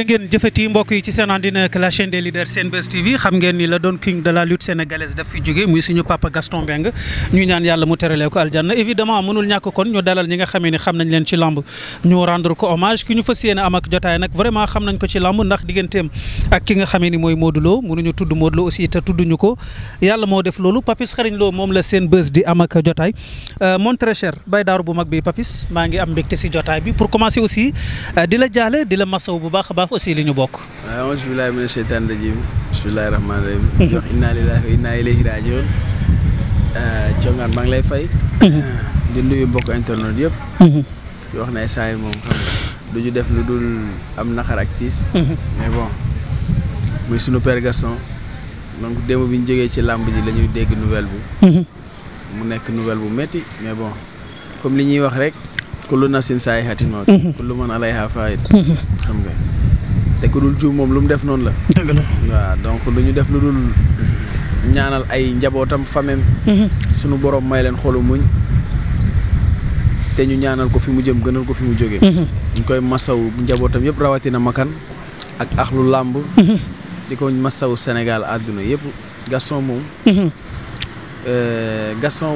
da ngeen jëfati mbokk yi ci seen àndina ak la chaîne des leaders Senbuzz TV xam ngeen ni la doon king de la lutte sénégalaise daf fi jóge muy suñu papa Gaston Mbengue ñu ñaan yàlla mu teralee ko aljanna évidemment mënul ñàkk kon ñu dalal ñi nga xamee ni xam nañ leen ci lamb ñu rendre ko hommage ki ñu fas yéene am jotaay nag vraiment xam nañ ko ci lamb ndax digganteem ak ki nga xamee ni mooy Modou Lo tudd Modou aussi te tudduñu ko yàlla moo def loolu euh, euh, a baax jàpp aussi li ñu bokk waaw auzu billaahi mina sheytaani rajiim bismillaahi rahmaani rahiim wax inna lillaahi wa inna ilayhi raaji'uun euh, congaan maa ngi lay fay di nuyu mbokk internet yëpp mhm. di wax na ay moom xam du ñu def lu dul am naqar ak mhm. mais bon muy sunu père Gaston donc démb bi ñu jógee ci làmb ji lañuy dégg nouvelle bi mhm. mu nekk nouvelle bu métti mais bon comme li ñuy wax rek kullu nafsin saa yi xatin kullu man alayha faid xam te ku dul juum moom lu mu def noonu la. waa la donc lu ñu def lu dul ñaanal ay njabootam famem mhm. sunu borom may leen xolu muñ. te ñu ñaanal ko fi mu jëm gënal ko fi mu jógee. Mhm. ñu koy masaw njabootam yëpp rawatina makan ak axlu làmb. Mhm. di ko masaw Sénégal àdduna yëpp Gaston moom. Euh, Gaston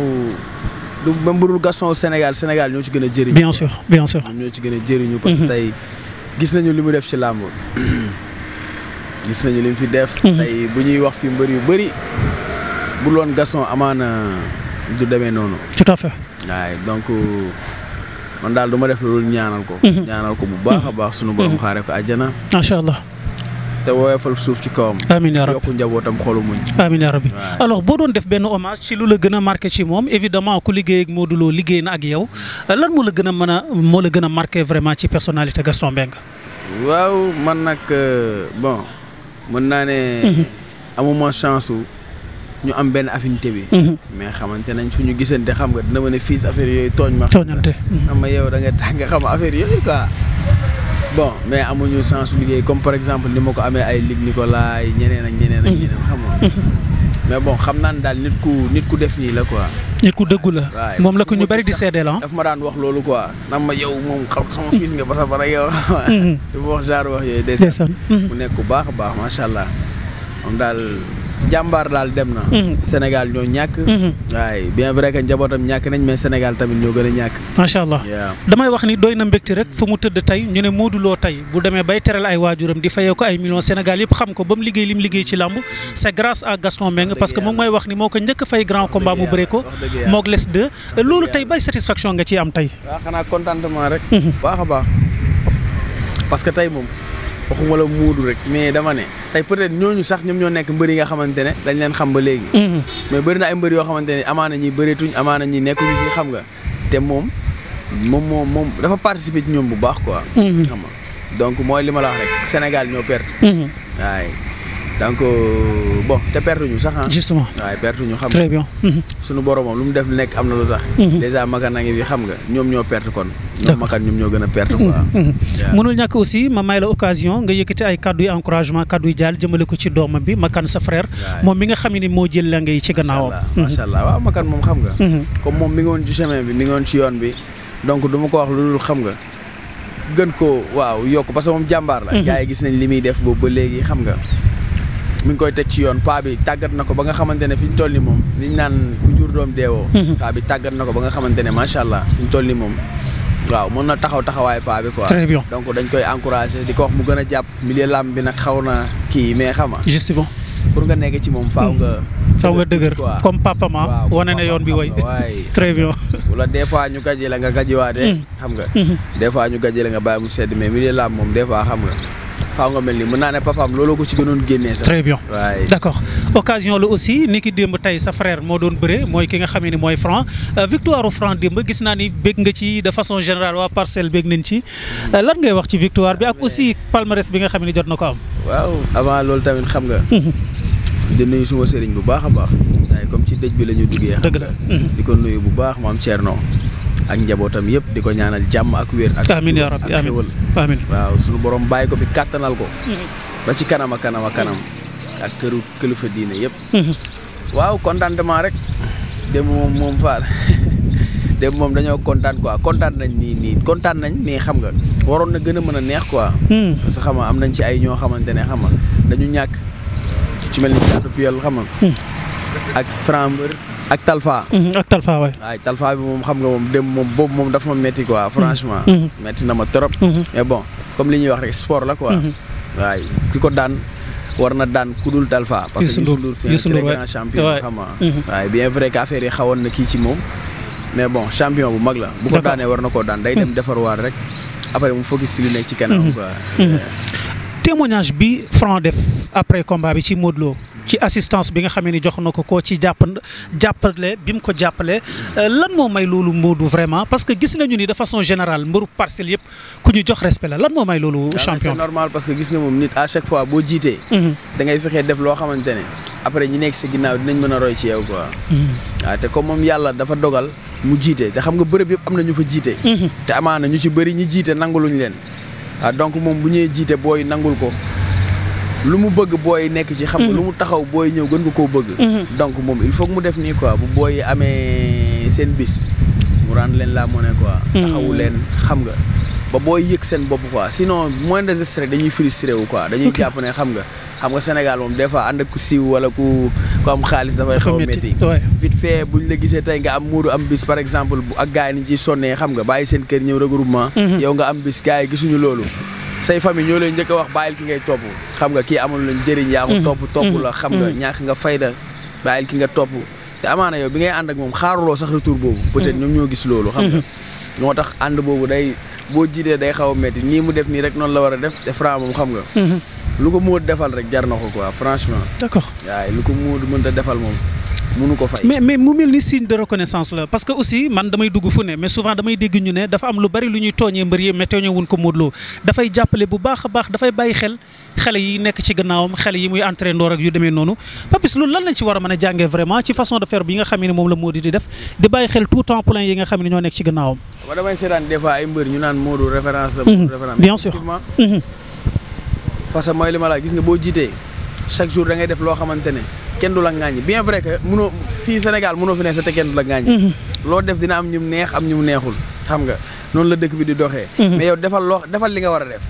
du même bu dul Gaston Sénégal Sénégal ñoo ci gën a jëriñu. bien sûr bien ñoo ci gën a jëriñu parce tey. gis nañu li mu def ci làmb gis nañu li mu fi def. Mhm. tey bu ñuy wax fi mbari yu bëri bu loon Gaston amaana du demee noonu. tout à fait. waaye donc man daal du ma def loolu ñaanal ko. Mhm. ñaanal ko bu baax a baax sunu borom mhm. xaaree ko àjjana. macha allah. te woyofal suuf ci kawam. amiin yaa rabbi yokku njabootam xolu muñ. amiin yaa rabbi boo doon def benn hommage ci lu la gën a marqué ci moom évidemment ku liggéey ak Modou Lo liggéey na ak yow lan moo la gën a mën a moo la gën a marqué vraiment ci personnalité Gaston Mbengue. waaw man nag euh, bon naa ne. Mhm. amuma chance su ñu am benn affinité bi. Mhm. mais xamante nañ fu ñu gisante xam nga dina mën a fiis affaire yooyu tooñ ma. tooñante xam nga yow da affaire yooyu quoi. bon mais amuñu sens liggéey comme par exemple ni ma ko amee ay Ligue Nicolas ñeneen ak ñeneen ak mhm. ñeneen mhm. mais bon xam naa ne daal nit ku nit ku def nii la quoi. nit ku dëggu la moom la ko ñu bari di seedeel ah. daf ma daan wax loolu quoi ndax ma yow moom xam sama mhm. fils nga ba sa bara yow. li ma wax genre wax yooyu. ndeysaan mu nekk bu baax a baax macha allah moom daal. jàmbaar daal dem na. Mhm. Sénégal ñoo ñàkk. Mhm. waaye bien vrai que njabootam ñàkk nañ mais Sénégal tamit ñoo gën a ñàkk. macha allah damay wax ni doy na mbégte rek fa mu tëdd tey ñu ne Modou Lo tey bu demee bay teral ay waajuram di fayee ko ay millions Sénégal yëpp xam ko ba mu liggéey li mu liggéey ci làmb c' est grâce à Gaston Mbengue parce que moom mooy wax ni moo ko njëkk a fay grand combat mu bëree ko moog les deux loolu tey bay satisfaction nga ciy am tey. Mhm. a parce que waxuma la rek mais dama ne tey peut-être ñooñu sax ñoom ñoo nekk mbër yi nga xamante ne dañ leen xam ba léegi. Mhm. mais bëri na ay mbër yoo xamante ne amaana ñi bëreetuñ amaana ñi nekkuñu fi xam nga te moom moom moom moom dafa participer ci ñoom bu baax quoi. Mhm. xam donc mooy li ma la wax rek Sénégal ñoo perte. Mhm. waaye. donc euh, bon te perte ñu sax ah. justement waaw perte ñu xam très bien. Mm-hmm. Mm-hmm. suñu lu mu def nekk am na lu tax. Mm-hmm. dèjà makan a ngi xam nga ñoom ñoo perte kon. ñoom makan ñoom ñoo gën a perte quoi. mënul ñàkk aussi ma may la occasion nga yëkkati ay kaddu yu encouragement kaddu yu jaal jëmale ko ci doomam bi makan sa frère. moom mi nga xam ne moo jël la ngay ci gannaawam. macha allah waaw makan moom xam nga. comme moom mi ngi woon ci chemin bi mi ngi woon ci yoon bi donc du ma ko wax lu dul ko waaw yokk parce que moom jàmbaar la. gars gis nañ li muy def boobu ba léegi xam nga mi ngi koy teg ci yoon paa bi tàggat na ko ba nga xamante ne fi ñu toll ni moom liñ naan ku jur doom deewoo paa tàggat na ko ba nga xamante ne macha allah fi ñu ni moom waaw mën na taxaw taxawaay paa bi quoi. très donc dañ koy encouragé di ko wax mu gën a jàpp milieu làmb bi nag xaw na kii mais xama justement pour nga nekk ci moom faaw nga. Hmm. faaw nga dëgër comme papa ma wane na yoon bi way très bien. wala des fois ñu gàjji la nga gàjjiwaatee. Hmm. xam nga. Hmm. des fois ñu gàjji nga bàyyi mu sedd mais milieu làmb moom des fois xam nga. faaw nga mel ni mën naa ne papaam looloo ko ci gënoon génnee sax. très bien waay occasion la aussi ni ki démb tey sa frère moo doon bëree mooy ki nga xamee ni mooy franc euh, victoire franc démb gis naa ni bég nga ci de façon général waa parcelle bég nañ ci euh, lan ngay wax ci victoire bi ak aussi palmarès bi nga xam ne jot na ko am. waaw avant loolu tamit xam nga. Mhm. di nuyu suma seriñ bu baax a baax. waaye comme ci dëj bi la ñu duggee. dëgg la mhm. di ko nuyu bu baax maam Thierno. ak njabootam yëpp di ko ñaanal jàmm ak wér. ak amiin yaa rabbi suñu borom bàyyi ko fi kàttanal ko. ba ci kanam a kanam kanam. ak këru kilifa diine yëpp. waaw contentement rek. démb moom moom faal démb moom dañoo kontaan quoi kontaan nañ nii nii kontaan nañ mais xam nga waroon na gën a mën a neex quoi. Hmm. parce que xam am nañ ci ay ñoo xamante ne xam dañu ñàkk ci mel ni Thiatou Piol xam hmm. ak Franc ak Talfa. Mhm, ak Talfa waay. bi moom xam nga moom dem moom boobu moom dafa ma métti quoi franchement. métti mhm, mhm. na ma trop. mais bon comme li ñuy wax rek sport la quoi. waay ki ko daan war na daan ku dul Talfa. parce que Youssou Ndour c'est un très grand champion xam waaye bien vrai que affaire yi xawoon na kii ci moom. mais bon champion bu mag la. bu ko daanee war na koo daan day dem defarwaat rek après mu focus si li nekk ci kanam quoi. témoignage bi Franc def après combat bi ci Modou ci assistance bi nga xamee ni jox na ko koo ci jàpp jàppale bi mu ko jàppale euh, lan moo may loolu Modou vraiment parce que gis nañu ni de façon générale mbaru la lan moo may ah, parce que gis nga moom nit à chaque fois boo jiitee mhm. da fexee def loo xamante après ñi nekk sa ginnaaw dinañ mën a roy ci yow quoi waaw mhm. ah, te comme moom yàlla dafa dogal mu jiite te xam nga bërëb yëpp am na ñu fa jiite mhm. te amaana ñu ci bëri ñi jiite nanguluñ leen waaw ah, donc moom bu ñëwee jiite booy lu mu bëgg booy nekk ci. xam nga hmm. lu mu taxaw booy ñëw gën ko koo bëgg. Hmm. donc moom il faut mu def nii quoi bu booy amee seen bis mu rendre leen la ne quoi. Hmm. taxawu leen xam nga ba booy yëg seen bopp quoi sinon moins de gestes rek dañuy frustré wu quoi dañuy jàpp ne xam nga. xam nga Sénégal moom des fois ànd ak ku siiw wala ku ku am xaalis dafay xaw a métti vite fait buñ la gisee tey nga am muudu am bis par exemple bu ak gars yi ni ciy sonnee xam nga bàyyi seen kër ñëw regroupement yow nga am bis gisuñu loolu say famille ñoo lay njëkk a wax bàyyil ki ngay topp xam nga kii amul lañ njëriñ yaa ko mm-hmm. topp la mm-hmm. xam nga mm-hmm. ñàkk nga fayda bàyyil ki nga topp te amaana yow bi ngay ànd ak moom xaaruloo sax retour boobu peut-être ñoom ñoo gis loolu xam nga moo tax ànd boobu day boo jiitee day xaw a métti nii mu def nii rek noonu la war a def te Franc moom xam nga lu ko Modou defal rek jar na ko quoi franchement d'accord waaye lu ko Modou mënta defal moom mënu ko fay. mais mais mu mel ni signe de reconnaissance la parce que aussi man damay dugg fu ne mais souvent damay dégg ñu ne dafa am lu bari lu ñuy tooñee mbër yi mais tooñee wuñ ko Modou dafay jàppale bu baax a baax dafay bàyyi xel xale yi nekk ci gannaawam xale yi muy entraîné ndoor ak yu demee noonu Papis loolu lan lañ ci war a mën a jàngee vraiment ci façon de faire bi nga xam moom la Modou di def di bàyyi xel tout temps plein yi nga xam ñoo nekk ci gannaawam. chaque jour da ngay def loo xamante ne kenn du la ŋaañi bien vrai que munoo fii Sénégal munoo fi ne sa te kenn la ŋaañi. Mhm. loo def dina am ñu neex am ñu neexul xam nga noonu la dëkk bi di doxee. Mhm. mais yow defal li nga war a def.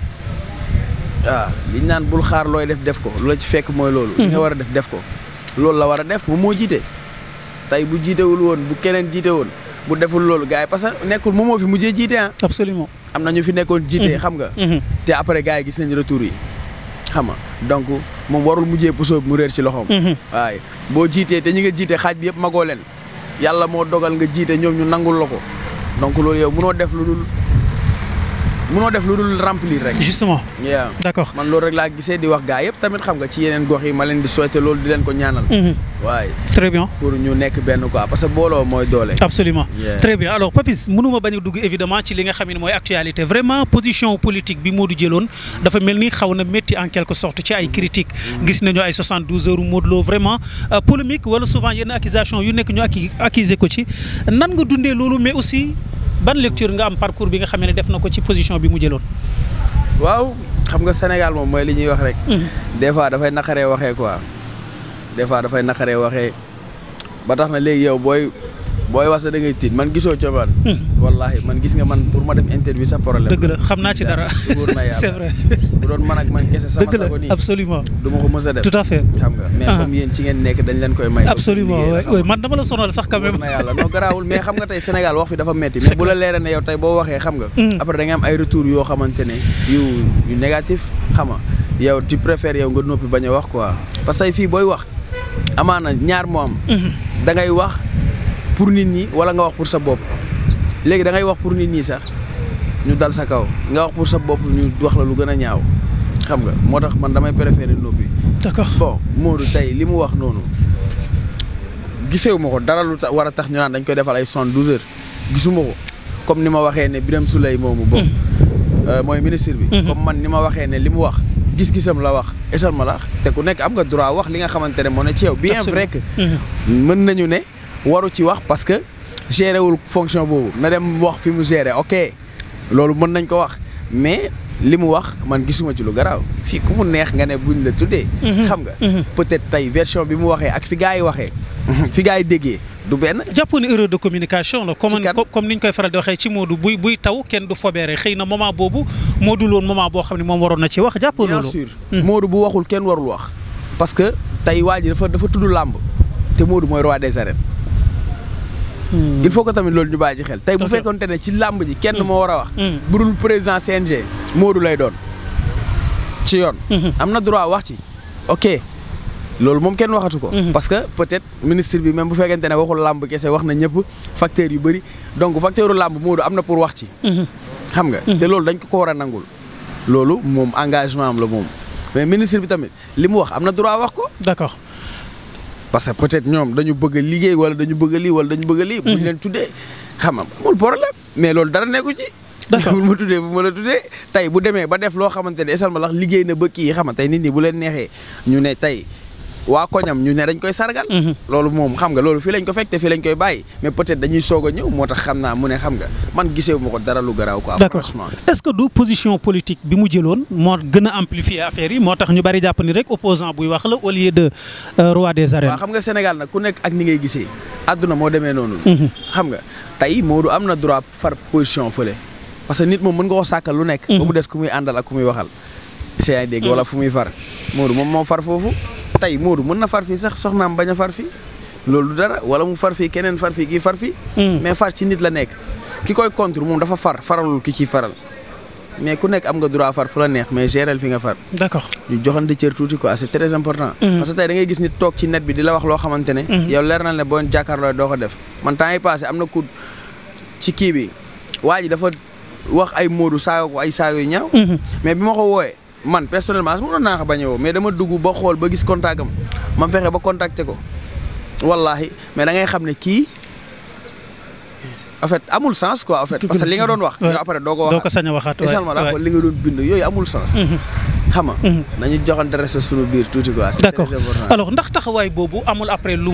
waaw ah, li naan bul xaar looy def def ko lu ci fekk mooy loolu. Mhm. war a def def ko. loolu la war a def moom moo jiite tey bu jiitewul woon bu keneen jiite woon bu deful loolu gars yi parce que nekkul moo fi mujjee jiite ah. absolument am na fi nekkoon jiite. xam nga. te après gars yi gis nañu retour yi. xam nga donc moom warul mujjee puso mu réer ci loxoom. Mhm. waaye boo jiitee te ñi nga jiite xaaj bi yëpp magoo leen yàlla moo dogal nga jiite ñoom ñu nangul la ko donc loolu yow munoo def lu dul mënoo def lu dul remplir rek. justement waaw d'accord man loolu rek laa gisee di wax gaa yëpp tamit xam nga ci yeneen gox yi ma leen di souhaiter loolu di leen ko ñaanal. Mhm. waaye. très bien pour ñu nekk benn quoi parce que booloo mooy doole. absolument très bien alors Papis mënuma bañ a dugg évidemment ci li nga xam ne mooy actualité vraiment position politique bi Modou jëloon dafa mel ni xaw na métti en quelque sorte ci ay critiques mm-hmm. gis nañu ay 72 heures Modou Lo vraiment euh, polémique wala souvent yenn accusation yu nekk ñu accusé ko nan nga dundee loolu mais aussi. ban lecture nga am parcours bi nga xamee ne def na ko ci position bi mu jëloon. waaw xam nga Sénégal moom mooy li ñuy wax rek. Mm-hmm. des fois dafay naqaree waxee quoi des fois dafay naqaree waxee ba tax na léegi yow booy booy wax sax da ngay tiit man gisoo cobaan hmm. wallahi man gis nga man pour ma def interview sax problème dëgg la xam naa ci dara na bu doon man ak man kese sama sago nii absolument ko mës a def tout à fait xam nga mais ah. comme yéen ci ngeen nekk dañ leen koy may absolument oui man dama la sonal sax quand même na yàlla non garaawul mais xam nga tey Sénégal wax fi dafa metti mais bu la leeree ne yow tey boo waxee xam nga hmm. après da nga am ay retour yoo xamante yu négatif xam nga yow tu préfères nga noppi bañ a wax quoi parce que fii booy wax amaana ñaar moom am hmm. wax pour nit ñi wala nga wax pour sa bopp léegi da ngay wax pour nit ñi sax ñu dal sa kaw nga wax pour sa bopp ñu wax la lu gën a ñaaw xam nga moo tax man damay préférer noppi. d'accord bon Modou tey li mu wax noonu gisewu ma ko dara lu war a tax ñu naan dañ koy defal ay soixante-douze heures gisuma ko comme ni ma waxee ne Birame Souleye moomu. boobu hmm. euh, mooy ministre bi. Hmm. comme man ni ma waxee ne li mu wax. gis-gisam la wax esal ma la te ku nekk am nga droit wax li nga xamante ne moo ne ci yow. bien vrai hmm. nañu ne. waru ci wax parce que géré wul fonction boobu na dem wax fi mu géré ok loolu mën nañ ko wax mais li mu wax man gisuma ci lu garaaw fii ku mu neex nga ne buñ la tuddee. Mhm. xam nga mhm. peut-être tey version bi mu waxee ak fi gars yi waxee. fi gars yi déggee du benn. jàpp ni erreur de communication la. comme comme ni ñu koy faral di waxee ci Modou buy buy taw kenn du fobeere xëy na moment boobu moo dul woon moment boo xam ne moom waroon na ci wax jàpp na loolu. bien sûr mhm. kenn warul wax. parce que tey waa ji dafa dafa tudd làmb te Modou mooy roi des arènes. il faut que tamit loolu ñu bàyyi ci xel tey bu fekkonte ne ci làmb ji kenn mm. moo war a wax mm. bu dul président CNG Modou lay doon ci yoon mm-hmm. am na droit wax ci ok loolu moom kenn waxatu ko mm-hmm. parce que peut-être ministre bi même bu fekkente ne waxul làmb kese wax na ñëpp facteur yu bëri donc facteur u làmb Modou am na pour wax ci mm-hmm. xam nga te loolu dañ ko ko war a nangul loolu moom engagement am la moom mais ministre bi tamit li mu wax am na droit wax ko d'accord parce que peut ñoom dañu bëgg liggéey wala dañu bëgg li lii wala dañu bëgg li lii. ñu hmm. leen tuddee xam nga amul mais loolu dara nekku ci. d'accord ma tuddee bu ma la tuddee tey bu demee ba def loo xamante ne esal ma lax liggéey na ba kii xam nga tey nit ñi bu leen neexee ñu ne tey waa koñam ñu ne dañ koy sargal mhm. loolu moom xam nga loolu fii lañ ko fekk te fii lañ koy bàyyi mais peut-être dañuy soog a ñëw moo tax xam naa mu ne xam nga man gisee ko dara lu garaaw quoi d'accord est bi mu jëloon moo gën a affaire yi moo tax ñu bari jàpp ni rek opposant buy wax la au lieu de euh, roi des arènes waaw xam nga Sénégal nag ku nekk ak ni ngay gisee àdduna moo demee noonu mhm. xam nga tey Modou am na droit far position fële parce que nit moom mën nga ko sàkkal lu nekk mhm. ba mu des ku muy àndal ak ku muy waxal si yaa ngi wala fu muy far Modou moom moo far foofu tey Modou mën na far fii sax soxnaam bañ a far fii loolu dara wala mu far fii keneen far fii kii far fii. Hmm. mais far ci nit la nekk. ki koy contre moom dafa far faralul ki ciy faral mais ku nekk am nga droit far fu la neex mais gérer fi nga far. ñu joxante cër tuuti quoi c'est très important. Hmm. parce que tey da ngay gis nit toog ci net bi di la wax loo xamante ne. Hmm. yow leer na ne boo jàkkaarloo doo ko def man yi passé am na ku ci kii bi waa dafa wax man personnellement mënoon naa ko bañ a woo mais dama dugg ba xool ba gis contact am ma fexe ba contacter ko wallaahi mais da ngay xam ne kii en fait amul sens quoi ko yooyu amul sens. Mhm. xam mhm. biir tuuti quoi. c'est très important alors boobu amul après lu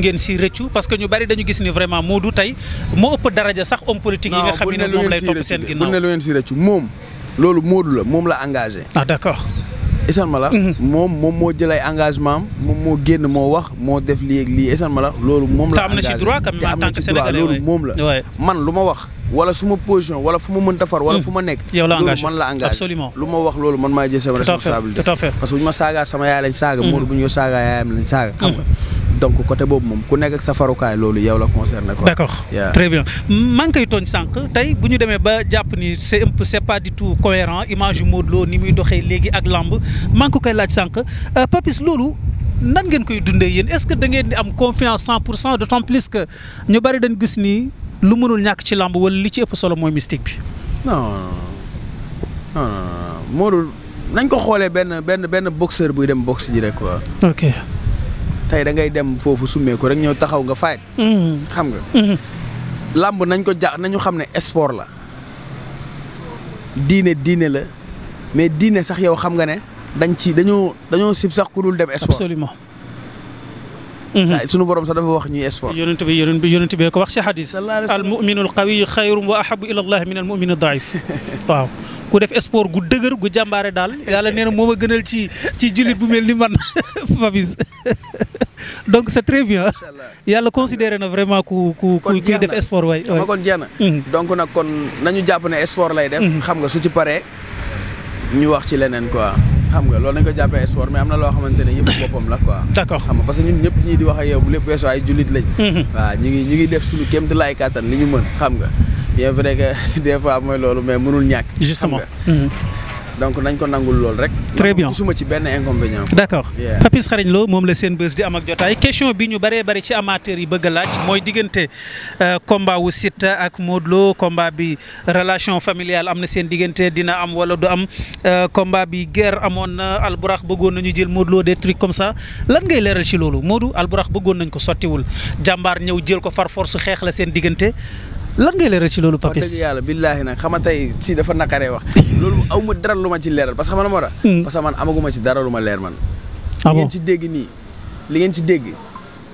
ngeen si rëccu parce que ñu bari dañu gis ni vraiment Modou tey moo ëpp daraja sax homme politique yi nga xam moom lay topp seen ginnaaw. bu moom loolu Modou la moom la engage ah d'accord. isan ma la. Mhm. moom moom moo jëlay engagement moom moo génn moo wax moo def lii ak lii isan ma la loolu moom la. engagé te am na ci droit quand même en tant la. lu ma wax. wala su wala a wala mhm. fu ma nekk. yow la engagé man la engagé lu ma wax loolu man maa jël sama responsabilité. tout parce que bu ñu ma saagaa sama yaay lañ saaga. Mhm. Modou bu ñu ko saagaa yaayam lañ saaga. xam nga. donc côté boobu moom ku nekk ak sa loolu yow la concerné ko d'accord très bien maa ngi koy tooñ sànq tey bu ñu demee ba jàpp ni c'est un peu c'est pas du tout cohérent image yu Modou ni muy doxee léegi ak làmb maa ko koy laaj sànq euh, Papis loolu. nan ngeen koy dundee yéen est-ce que da ngeen di am confiance cent pour cent d'autant plus que ñu bari dañ gis nii lu mënul ñàkk ci làmb wala li ci ëpp solo mooy mystique bi. non non non Modou nañ ko xoolee benn benn benn boxeur buy dem boxe ji rek quoi. tey da ngay dem foofu summeeku rek ñëw taxaw nga fayet mm-hmm. xam nga mm-hmm. làmb nañ ko jaax nañu xam ne sport la diine diine la mais diine sax yaw xam nga ne dañ ci dañoo dañoo sib sax ku dul dem sport absolument mm-hmm. sunu borom sax dafa wax ñuy sport yonent bi yonent bi yonent bi wax si xadis al muminu al qawiyu wa ahabu ila allah min al muminu daif ku def sport gu dëgër gu jàmbaare daal yàlla nee na moo ma gënal ci ci jullit bu mel ni man Fabis donc c' est très bien yàlla considéré na vraiment ku ku kuy def sport waay ma kon na mhm. donc nag kon nañu jàpp ne sport lay def mhm. xam nga su ci pare ñu wax ci leneen quoi xam nga loolu nañ ko jàppee sport mais am na loo xamante ne yëpp boppam la quoi d'accord xam nga parce que ñun ñëpp ñii di wax ak yow bu lépp weesoo ay jullit lañ mm-hmm. waaw ñi ngi ñi ngi def suñu kéem lay kàttan li ñu mën xam nga bien vrai que des fois mooy loolu mais mënul ñàkk justement donc nañ ko nangul lool rek. très bien gisuma ci benn inconvénient. d' accord Papis Xaragne Lo moom la seen bés di am ak jotaay question bi ñu bëree bëri ci amateur yi bëgg a laaj mooy diggante euh, combat wu ak Modou Lo combat bi relation familiale am na seen diggante dina am wala du am euh, combat bi guerre amoon na alburax bëggoon nañu jël Modou Lo des trucs comme ça lan ngay leeral ci loolu Modou alburax bëggoon nañ ko sottiwul jàmbaar ñëw jël ko far force xeex la seen diggante. lan ngay leeral ci loolu Papis dëgg yàlla billaahi nag xama tey si dafa naqaree wax loolu aw ma dara lu ma ci leeral parce que xam nga moo tax hmm. parce que man amaguma ci dara lu ma leer man ah li ngeen ci dégg nii li ngeen ci dégg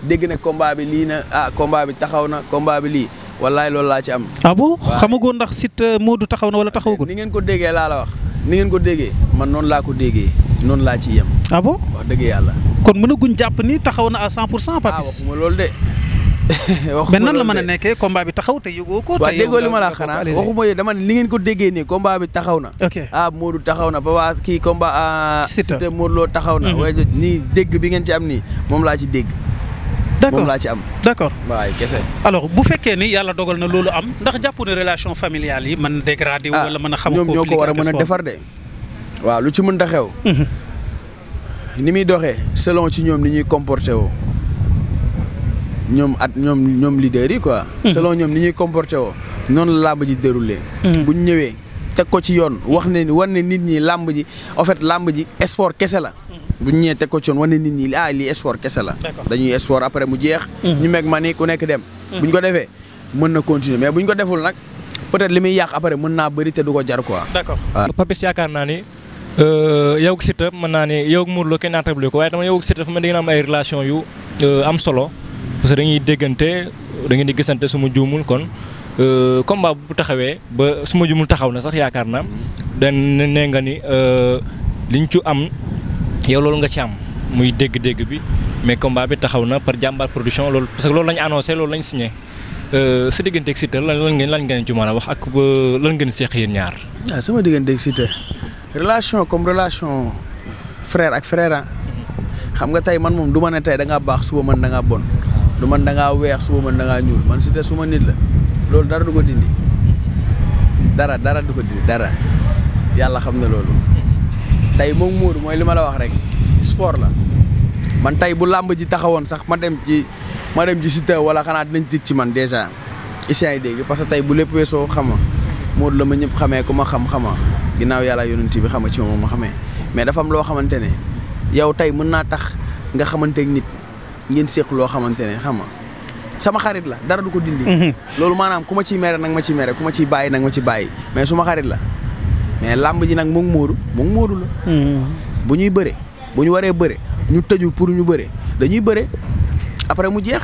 dégg ne combat bi lii na ah combat bi taxaw na combat bi lii wallaay loolu laa ci am ah bon xamagoo ndax Siteu euh, Modou taxaw na wala taxawagul ni ngeen ko déggee laa la wax ni ngeen ko déggee man noonu laa ko déggee noonu laa ci yem ah bon wax dëgg yàlla kon mën guñ jàpp ni taxaw na à cent pour cent ah, Papis loolu de waxuma mais nan la mën a nekkee combat bi taxaw te yëgoo ko. te déggoo li ma la xanaa waxuma yooyu dama li ngeen ko déggee nii combat bi taxaw na. ok ah Modou taxaw na ba Papa kii combat. Ah, Siteu Siteu Modou Lo taxaw na. Mhm. waaye nii dégg bi ngeen ci am nii moom laa ci dégg. d'accord moom laa ci am. d'accord waaye kese. alors bu fekkee ni yàlla dogal na loolu am ndax jàpp ne relation familiale yi mën dégradé ah, wala mën a xam ñoom ñoo ko war a mën a waaw lu ci mën a xew. Mhm. ni muy doxee selon ci ñoom ni ñuy comporté woo ñoom at ñoom ñoom leader yi quoi. Hmm. selon ñoom ni ñuy comporté woo noonu la làmb ji déroulé. Hmm. bu ñu ñëwee teg ko ci yoon wax ni war ne nit ñi làmb ji en fait làmb ji sport kese la. Hmm. bu ñu ñëwee ko ci yoon war ne nit ñi ah lii sport kese la. dañuy sport après mu jeex. ñu meeg ma ni ku nekk dem. bu ñu ko defee mën na continuer mais bu ñu ko deful nag peut-être li muy yàq après mën naa bëri te du ko jar quoi. d'accord ah. Papis yaakaar naa ni. Euh, yow ak mën naa ne yow ak Modou Lo kenn naatable ko waaye dama yow ak Siteu dafa mel ni da am ay relation yu euh, am solo parce que dañuy déggante da ngeen di gisante su ma juumul kon euh, combat bu taxawee ba su ma juumul taxaw na sax yaakaar naa dañ ne nga ni euh, liñ ci am yow loolu nga ci am muy dégg-dégg bi mais combat bi taxaw na par jàmbaar production loolu parce que loolu lañ annoncé loolu lañ signé euh, sa digganteeg Siteu lan lan ngeen lan ngeen ci mën a wax ak lan ngeen seeq yéen ñaar. waaw ah, sama digganteeg Siteu relation comme relation frère ak frère ah. mm-hmm. xam nga tey man moom du ma ne tey da ngaa baax suba man da ngaa bon. du man da ngaa weex suba man da ngaa ñuul man Siteu suma nit la loolu dara du ko dindi dara du ko dindi dara yàlla xam ne loolu tey moom Modou mooy li ma la wax rek sport la man tey bu làmb ji taxawoon sax ma dem ji ma dem ci Siteu wala xanaa dinañ tiit ci man dèjà i yi dégg parce que tey bu lépp weesoo xama Modou la ma ñëpp xamee ku ma xam-xama ginnaaw yàlla yonent bi xama ci moom ma xamee mais dafa loo xamante ne yow tey mën naa tax nga xamanteeg nit ngeen seq loo xamante ne xam nga sama xarit la dara du ko dindi. Mhm. loolu maanaam ku ma ciy mere nag ma ci mere ku ma ciy bàyyi nag ma ci bàyyi mais suma xarit la mais làmb ji nag mu ngi móodu mu la. Mhm. bu ñuy bëre bu ñu waree bëre ñu tëju pour ñu bëre dañuy bëre après mu jeex.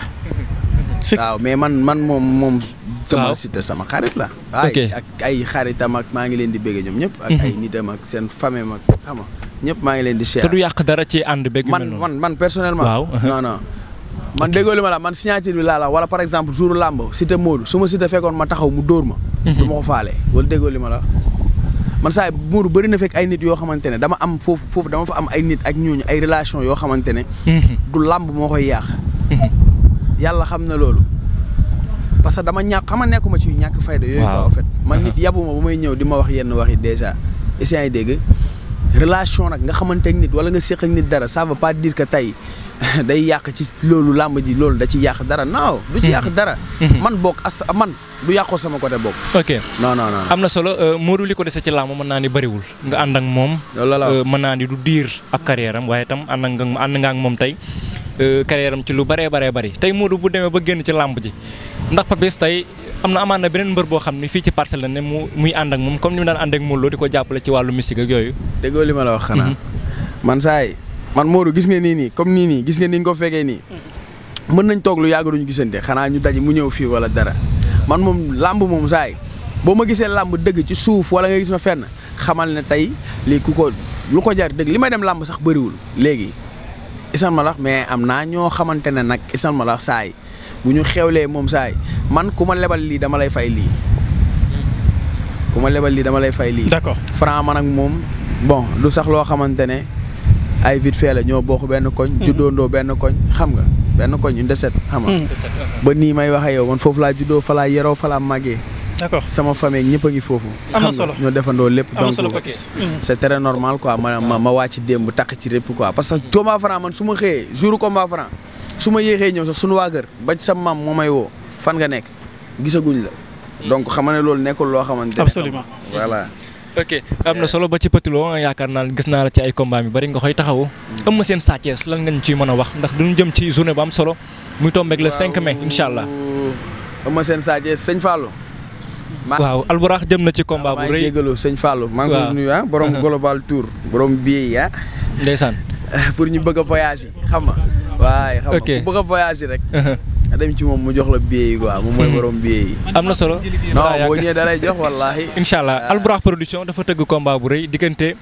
waaw mais man man moom moom. sama Siteu sama xarit la. ok ak ay xaritam ak maa ngi leen di bëgg ñoom ñëpp. ak mhm. ay nitam ak seen famille ak xam ñëpp maa ngi leen di. cher te du yàq dara ci ànd beeg. man man man personnellement. waaw non man déggoo li ma la man signature bi laa la wala par exemple jour làmb Siteu Modou su ma Siteu fekkoon ma taxaw mu dóor ma. Mhm. du ma ko faale wala déggoo li ma la man saa Modou bëri na fekk ay nit yoo xamante ne dama am foofu foofu dama am ay nit ak ñooñu ay relation yoo xamante ne. Mhm. du làmb moo koy yàq. Mhm. yàlla xam na loolu. parce que dama ñàkk xam nga nekkuma ci ñàkk fayda yooyu quoi en fait man nit yabuma bu may ñëw di ma wax yenn wax yi déjà essayant yi dégg relation nag nga xamante ak nit wala nga séq ak nit dara ça veut pas dire tey day yàq ci loolu làmb ji loolu da ci yàq dara naaw. du ci yàq hmm. dara. Hmm. man bokk as man du yàqoo sama côté bokk. ok non non non. am na solo euh, Modou li ko dese ci làmb mën naa ni bëriwul nga ànd ak moom. Euh, mën naa ni du diir ak carrière waaye itam ànd nga nga ak moom tey euh, carrière am ci lu bëree bare bari tey Modou bu demee ba génn ci làmb ji ndax Papis tey. am na amaan na beneen mbër boo xam ne fii ci parcelle la ne mu muy ànd ak moom comme ni mu daan ànd ak Modou Lo di ko jàppale ci wàllu mystique ak yooyu. déggoo li ma la wax xanaa mm-hmm. man man Modou gis nga nii nii comme nii nii gis nga ni nga ko fekkee nii mën nañ toog lu yàgg duñu gisante xanaa ñu daje mu ñëw fii wala dara man moom làmb moom saay boo ma gisee làmb dëgg ci suuf wala nga gis ma fenn xamal ne tey lii ku ko lu ko jar dëgg li may dem làmb sax bariwul léegi isal ma lax mais am naa ñoo xamante ne nag isal ma lax saay bu ñu xewlee moom saay man ku ma lebal lii dama lay fay lii ku ma lebal lii dama lay fay lii d'accord Franc man ak moom bon lu sax loo xamante ne ay vite fait la ñoo bokk benn koñ. Hmm. juddoondoo benn koñ xam nga benn koñ une deset xam nga. Hmm. Uh-huh. ba nii may wax yow man foofu laa juddoo fa laa yeroo fa laa màggee. d'accord sama famille ñëpp ngi foofu. am na solo ñoo defandoo lépp. donc hmm. c'est très normal quoi ma ma ma wàcc démb takk ci répp quoi parce que combat franc man su ma xëyee jour combat franc su ma yéexee ñëw sax suñu waa kër ba ci sa maam moo may woo fan nga nekk gisaguñ la. donc xam ne loolu nekkul loo xamante ne. absolument voilà. ok am na solo ba ci Petit Lo yaakaar naa gis naa la ci ay combat yu bari nga koy taxawu. ëmm seen Sa Thiès lan ngeen ci mën a wax ndax duñu jëm ci journée bu am solo. muy tombeeg le 5 mais incha allah. ëmm seen Sa sëñ Fallou. waaw alburax jëm na ci combat bu rëy maa ngi jégalu sëñ Fallou. maa ngi koy nuyu ah borom global tour. borom bi yi ah. ndeysaan. pour ñu bëgg a voyager xam nga. waaye xam nga ku nga dem ci moom mu jox la billet yi quoi moom mooy borom billet yi. am na solo. non boo ñëwee da lay jox wallaahi. incha allah Albourakh ah. production dafa tëgg kombaa bu rëy diggante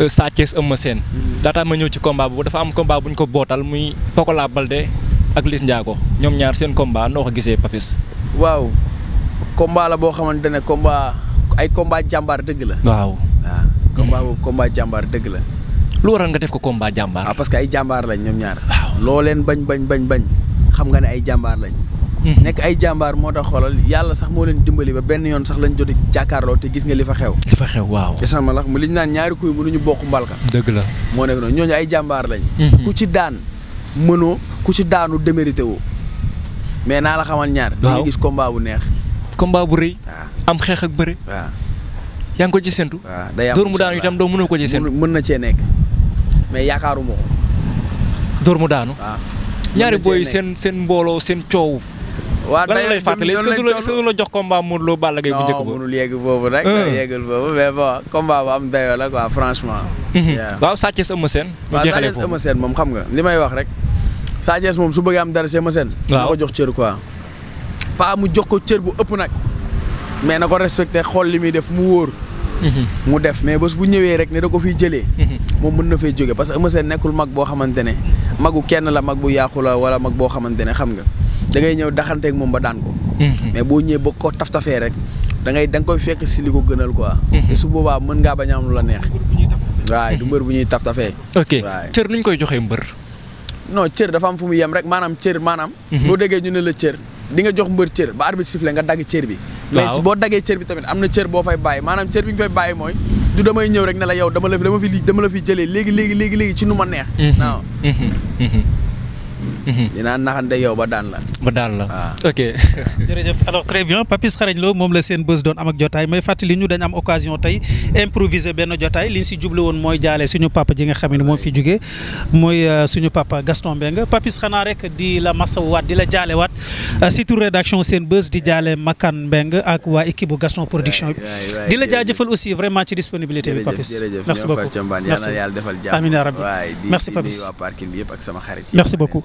euh, Sa Thiès seen Sène. daataa hmm. ma ñëw ci combat bu dafa am combat bu ko bootal muy Pokola Balde ak Liss Ndiago ñoom ñaar seen combat noo ko gisee Papis. waaw combat la boo xamante ne combat ay combat jàmbaar dëgg la. waaw waaw ah, combat jàmbaar dëgg la. lu waral nga def ko combat jàmbaar. waaw ah, parce que ay jàmbaar lañ ñoom ñaar. loo leen bañ bañ bañ bañ. xam nga ne ay jàmbaar lañ. Hmm. nekk ay jàmbaar moo tax xoolal yàlla sax moo leen dimbali ba benn yoon sax lañ jot a jàkkaarloo te gis nga li fa xew. li fa xew waaw. te ma lax mu liñ naan ñaari kuy mënuñu bokk mbalka dëgg la moo nekk noonu ay jàmbaar lañ. Hmm. ku ci daan mënoo ku ci daanu démérité woo mais naa la xamal ñaar. waaw dañuy gis neex. combat bu rëy. am xeex ak bëre. waaw yaa ngi ko ci séntu. waaw day am dóor mu daanu itam doo mënoo ko ci séntu. mën na cee nekk mais yaakaaruma ko. dóor mu daanu. ñaari booy seen seen mbooloo seen coow. waa lan lay fàttali est du la est-ce que du la jox combat Modou Lo Balla Gaye bu njëkk ba. non mënul boobu rek. Euh. Mhm. Sa Thiès Eumeu Sène. ñu jeexalee moom xam nga li may wax rek. Sa moom su bëggee am dara si Eumeu Sène. jox cër quoi. pas mu jox ko cër bu ëpp nag. mais na ko respecté xool li muy def mu wóor. Mhm. mu def mais bés bu ñëwee rek ne da ko fiy jëlee. Mhm. moom mën na fee jóge parce que Eumeu Sène nekkul mag boo xamante ne magu kenn la mag bu yàqu la wala mag boo xamante ne xam nga dangay ngay ñëw daxanteeg moom ba daan ko. Mhm. mais boo ñëwee ba ko taf tafee rek da ngay koy fekk si li ko gënal quoi. Mhm. su boobaa mën bañ a am la neex. waaye du mbër bu ñuy taf tafee. Mhm. ok cër nuñ koy joxee mbër. non cër dafa am fu mu yem rek maanaam cër maanaam. boo déggee ñu ne la cër di nga jox mbër cër ba arbitre sifflé nga dagg cër bi. mais boo daggee cër bi tamit am na cër boo fay bàyyi maanaam cër bi nga fay bàyyi mooy du damay ñëw rek ne la yow dama la fi dama fi dama la fi jëlee léegi léegi léegi ci nu ma neex mm-hmm. waaw mm-hmm. Mm-hmm. Mhm. dinaa naxante yow ba daan la. ba daan la waaw ah. ok. jërëjëf Papis Xarañ Lo moom la seen bés doon am ak jotaay may fàttali ñu dañ am occasion tey improviser benn jotaay li si juble woon mooy jaale suñu papa ji nga xam ne moo fi jugee mooy euh, suñu papa Gaston Mbengue Papis xanaa rek di la waat di la jaale waat euh, surtout rédaction seen bés di jaale Makan Mbengue ak waa équipe bu Gaston production bi. di la jaajëfal aussi vraiment ci disponibilité bi Papis. merci beaucoup merci amiin yaa rabbi merci Papis merci beaucoup.